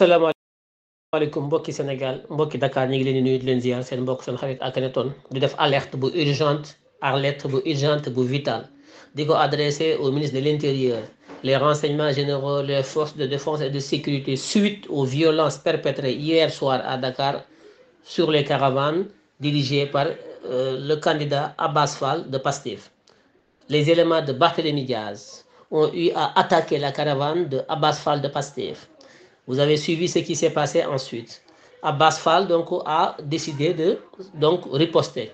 salaamaaleykum mbokki Sénégal mbokki Dakar ñi ngi leen di nuyu di leen ziar seen mbokk seen xarit Akhenaton di def alerte bu urgente alerte bu urgente bu vitale di adresser au ministre de l'Intérieur les renseignements généraux les forces de défense et de sécurité suite aux violences perpétrées hier soir à Dakar sur les caravanes dirigées par euh, le candidat Abbas Fall de Pastif. les éléments de Barthélémy Diaz ont eu à attaquer la caravane de Abbas Fall de Pastif. Vous avez suivi ce qui s'est passé ensuite. Abbas Fall donc, a décidé de donc, riposter.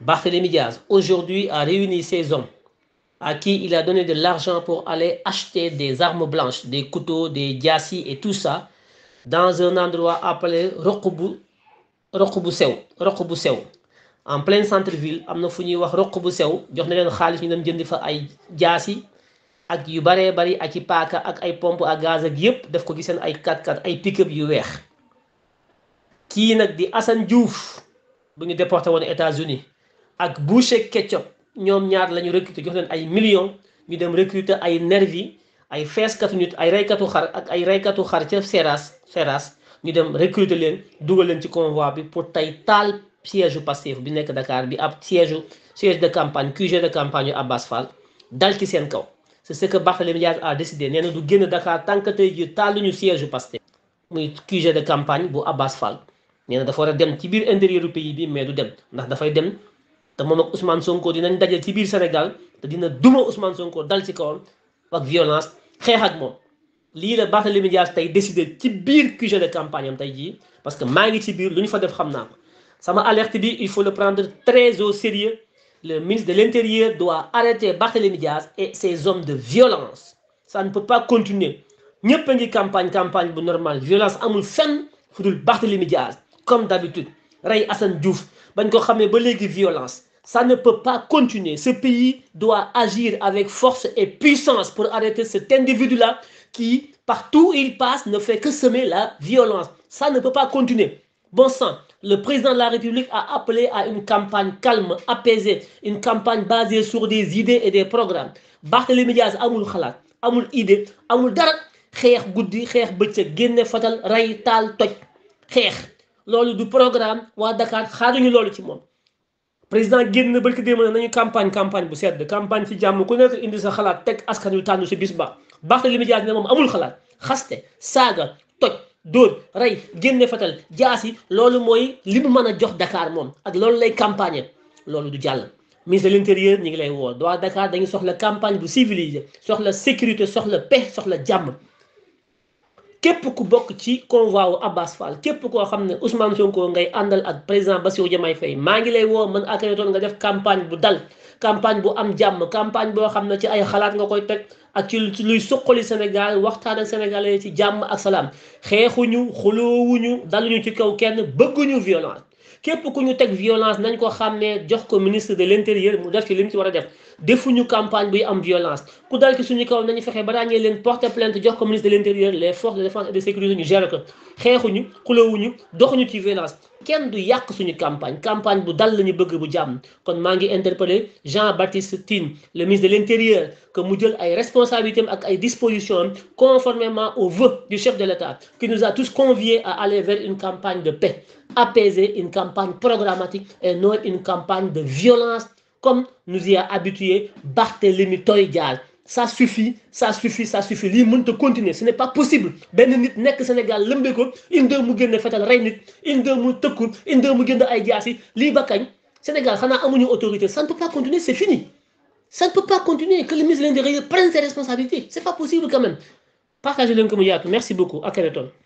Barthélémy Diaz, aujourd'hui, a réuni ses hommes à qui il a donné de l'argent pour aller acheter des armes blanches, des couteaux, des diassis et tout ça, dans un endroit appelé Rokubu, En plein centre-ville, il y a un appelé Sew, il y a ak yu baree bari ak ci paaka ak ay pompe ak gaz yëpp daf ko gis seen ay 4 x ay pick yu weex kii nag di Assane Diouf bu ñu déporté woon États-Unis ak Boucher Ketchup ñoom ñaar la ñu recruter jox leen ay millions ñu dem recruter ay nervi ay feeskatu nit ay reykatu xar ak ay reykatu xar ca Seras Seras ñu dem recruter leen dugal leen ci convoi bi pour tey taal siège Pastef bi nekk Dakar bi ab siège siège de campagne QG de campagne yu Abbas dal ci seen kaw. c'est ce que Barthélémy Diaz a décidé nee na du génn Dakar tant que tey jii taaluñu siège Pastef muy QG de campagne bu Abbas Fall nee na dafa war a dem ci biir intérieur du pays bi mais du dem ndax dafay dem te moom ak Ousmane Sonko dinañ daje ci biir Sénégal te dina duma Ousmane Sonko dal ci kawam ak violence xeex ak moom lii la Barthélémy Diaz a décidé ci biir QG de campagne am tey jii parce que maa ngi ci biir lu ñu fa def xam naa ko sama alerte bi il faut le prendre très au sérieux le ministre de l'Intérieur doit arrêter Barthélémy Diaz et ses hommes de violence. Ça ne peut pas continuer. Nous avons ngi campagne campagne normale violence amul Barthélémy Diaz comme d'habitude Ray Hassan Diouf dit ko ba de violence ça ne peut pas continuer ce pays doit agir avec force et puissance pour arrêter cet individu là qui partout où il passe ne fait que semer la violence ça ne peut pas continuer Bon sang, le président de la République a appelé à une campagne calme, apaisée, une campagne basée sur des idées et des programmes. Barthélémy Diaz amul Khalat, amul idée amul dara xeex Goudi, xeex bëccëg génne fatal Ray toy toj Lol du programme Wa Dakar xaaruñu loolu ci président génn barki démb campagne campagne bu sedd campagne ci j'aime, ku nekk indi sa Khalat, Tek askan wi se si bis ba Barthélémy Diaz ne amul xaste dóor rey génne fetal jaasi loolu mooy li mu mën a jox dakaar moom ak loolu lay campagne loolu du jàll ministre de l'intérieur ñu ngi lay woo waa Dakar dañu soxla campagne bu civilisée soxla sécurité soxla paix soxla jàmm képp ku bokk ci convoi wu Abbas Fall képp koo xam ne Ousmane Sonko ngay àndal ak président Bassirou Diomaye Faye maa ngi lay woo man akay nga def campagne bu dal campagne bu am jàmm campagne boo xam ne ci ay xalaat nga koy teg ak ci luy suqali Sénégal waxtaan ak sénégalais ci jàmm ak salaam xeexuñu xuloowuñu daluñu ci kaw kenn bëgguñu violence képp ku ñu teg violence nañ ko xàmmee jox ko ministre de l'intérieur mu def ci li ci war a def une campagne en am violence ku dal ki suñu kaw nañu fexe ba ràññee leen porter plainte jox ko ministre de l'intérieur les forces de défense et de sécurité ñu gérer ko xeexuñu xulewuñu doxuñu ci violence kenn du yàq suñu campagne campagne bu dal lañu bëgg bu jàmm kon maa ngi interpeller Jean-Baptiste Tin, le ministre de l'intérieur que mu jël ay responsabilités et ak ay dispositions conformément au vœu du chef de l'État qui nous a tous conviés à aller vers une campagne de paix apaiser une campagne programmatique et non une campagne de violence comme nous y a habitué Barthélemy Toye ça suffit ça suffit ça suffit lii mënut continuer ce n'est pas possible Ben nit nek Sénégal lëmbee ko une deux mu génne fetal rey nit une deux mu tëkku une deux mu génne ay jaas li lii Sénégal xana amuñu autorité ça ne peut pas continuer c'est fini ça ne peut pas continuer que les ministre de l'Intérieur prenne ses responsabilités c'est pas possible quand même partagez le ko merci beaucoup à